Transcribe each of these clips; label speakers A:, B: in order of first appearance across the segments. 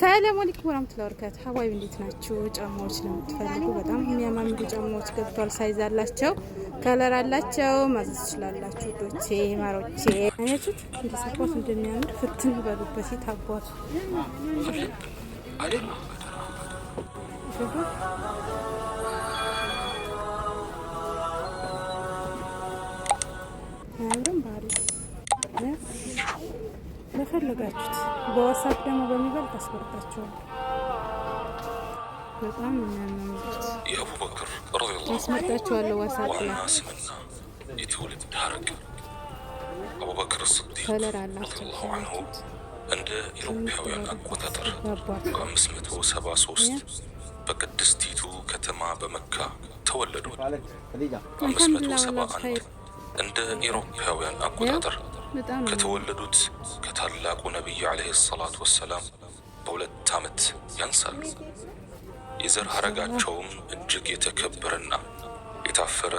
A: ሰላም አለይኩም ወራህመቱላሂ ወበረካቱ። ሀዋይብ እንዴት ናችሁ? ጫማዎች ለምትፈልጉ በጣም የሚያማምሩ ጫማዎች ገብቷል። ሳይዝ አላቸው፣ ከለር አላቸው። ማዘዝ ትችላላችሁ። ዶቼ ማሮቼ አያችሁት? እንደ ሰፋት እንደሚያምር ፍትን በሉበት ሲታጓቱ አለ በፈለጋችሁት በዋሳፕ ደግሞ በሚበልጥ አስበርታችኋል። በጣም የሚያመምት ያስመጣችኋለሁ። ዋሳፕ ከለር
B: አላቸው እንደ ኢሮፓውያን አቆጣጠር በ573 በቅድስቲቱ ከተማ በመካ ተወለዱ። 571 እንደ ኢሮፓውያን አቆጣጠር ከተወለዱት ከታላቁ ነቢዩ ዓለይሂ ሰላቱ ወሰላም በሁለት ዓመት ያንሳሉ። የዘር ሐረጋቸውም እጅግ የተከበረና የታፈረ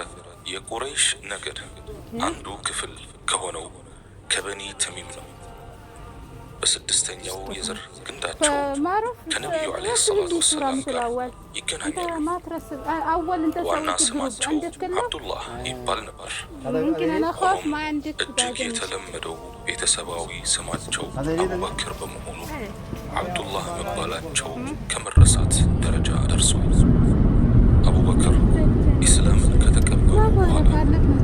B: የቁረይሽ ነገድ አንዱ ክፍል በስድስተኛው የዘር ግንዳቸው ከነቢዩ ዓለይሂ ሰላቱ ወሰላም ጋር ይገናኛሉ። ዋና ስማቸው አብዱላህ ይባል ነበር። እጅግ የተለመደው ቤተሰባዊ ስማቸው አቡበክር በመሆኑ አብዱላህ መባላቸው ከመረሳት ደረጃ ደርሰዋል። አቡበክር ኢስላምን ከተቀበሉ በኋላ